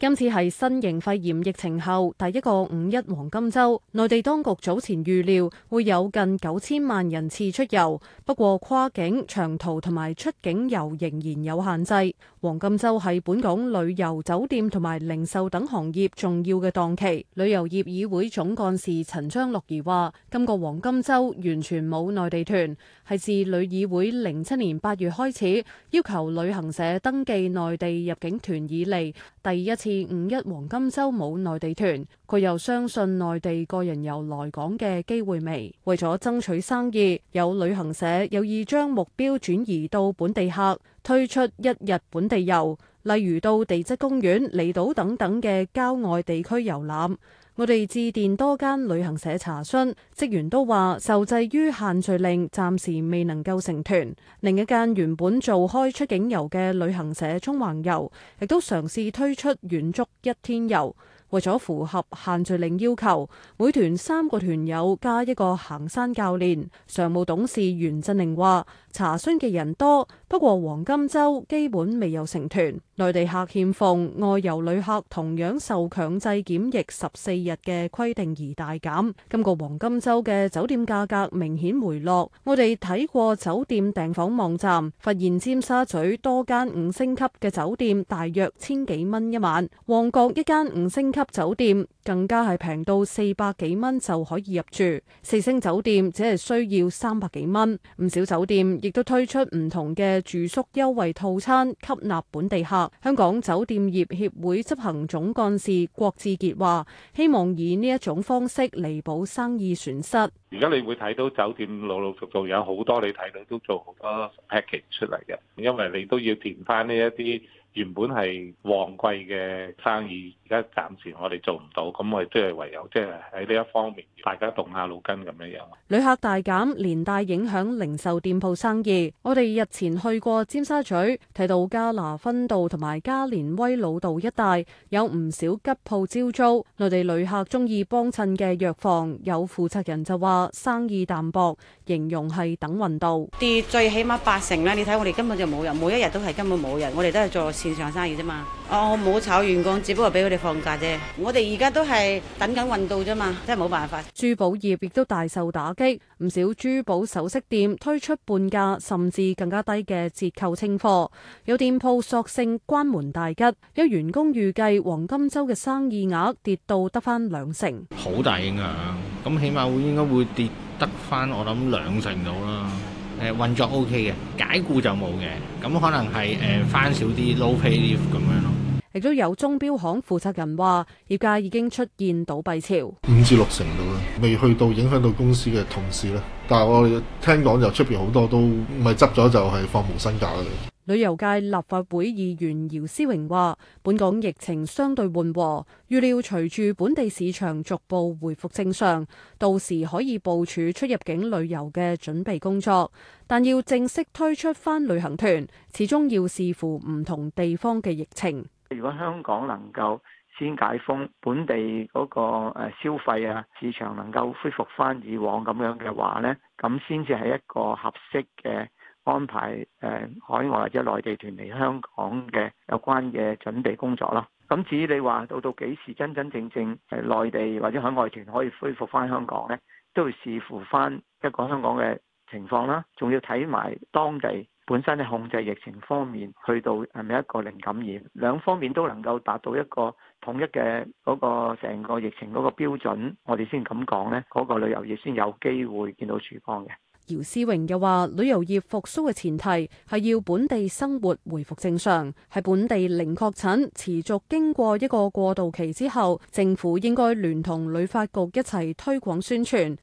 今次係新型肺炎疫情後第一個五一黃金週，內地當局早前預料會有近九千萬人次出遊。不過跨境長途同埋出境遊仍然有限制。黃金週係本港旅遊、酒店同埋零售等行業重要嘅檔期。旅遊業議會總幹事陳張樂怡話：今個黃金週完全冇內地團，係自旅議會零七年八月開始要求旅行社登記內地入境團以嚟第一次。而五一黃金周冇內地團，佢又相信內地個人遊來港嘅機會未？為咗爭取生意，有旅行社有意將目標轉移到本地客，推出一日本地遊，例如到地質公園、離島等等嘅郊外地區遊覽。我哋致電多間旅行社查詢，職員都話受制於限聚令，暫時未能夠成團。另一間原本做開出境遊嘅旅行社中環遊，亦都嘗試推出遠足一天遊，為咗符合限聚令要求，每團三個團友加一個行山教練。常務董事袁振寧話，查詢嘅人多，不過黃金周基本未有成團。內地客欠奉，外遊旅客同樣受強制檢疫十四日嘅規定而大減。今個黃金周嘅酒店價格明顯回落。我哋睇過酒店訂房網站，發現尖沙咀多間五星級嘅酒店大約千幾蚊一晚，旺角一間五星級酒店更加係平到四百幾蚊就可以入住，四星酒店只係需要三百幾蚊。唔少酒店亦都推出唔同嘅住宿優惠套餐，吸納本地客。香港酒店業協會執行總幹事郭志杰話，希望以呢一種方式彌補生意損失。而家你會睇到酒店陸陸續續有好多你睇到都做好多 packaging 出嚟嘅，因為你都要填翻呢一啲原本係旺季嘅生意，而家暫時我哋做唔到，咁我哋都係唯有即係喺呢一方面大家動下腦筋咁樣樣。旅客大減連帶影響零售店鋪生意。我哋日前去過尖沙咀，睇到加拿芬道同埋加連威老道一帶有唔少吉鋪招租，內地旅客中意幫襯嘅藥房有負責人就話。生意淡薄，形容係等運到。跌最起碼八成啦！你睇我哋根本就冇人，每一日都係根本冇人，我哋都係做線上生意啫嘛，哦。我冇炒員工，只不過俾佢哋放假啫。我哋而家都係等緊運到啫嘛，真係冇辦法。珠寶業亦都大受打擊，唔少珠寶首飾店推出半價甚至更加低嘅折扣清貨，有店鋪索性關門大吉。有員工預計黃金周嘅生意額跌到得返兩成，好大影響。咁起碼會應該會跌得翻，我諗兩成度啦。誒運作 O K 嘅，解僱就冇嘅。咁可能係誒、呃、翻少啲 low pay 咁樣咯。亦都有鐘錶行負責人話，業界已經出現倒閉潮，五至六成度啦，未去到影響到公司嘅同事咧。但係我哋聽講又出邊好多都唔係執咗，就係放無薪假啦。旅遊界立法會議員姚思榮話，本港疫情相對緩和，預料隨住本地市場逐步回復正常，到時可以部署出入境旅遊嘅準備工作。但要正式推出翻旅行團，始終要視乎唔同地方嘅疫情。如果香港能夠先解封，本地嗰個誒消費啊市場能夠恢復翻以往咁樣嘅話呢，咁先至係一個合適嘅。安排誒海外或者內地團嚟香港嘅有關嘅準備工作咯。咁至於你話到到幾時真真正正誒內地或者海外團可以恢復翻香港呢？都要視乎翻一個香港嘅情況啦。仲要睇埋當地本身嘅控制疫情方面，去到係咪一個零感染，兩方面都能夠達到一個統一嘅嗰個成個疫情嗰個標準，我哋先咁講呢，嗰個旅遊業先有機會見到曙光嘅。姚思榮又話：旅遊業復蘇嘅前提係要本地生活回復正常，係本地零確診持續經過一個過渡期之後，政府應該聯同旅發局一齊推廣宣傳。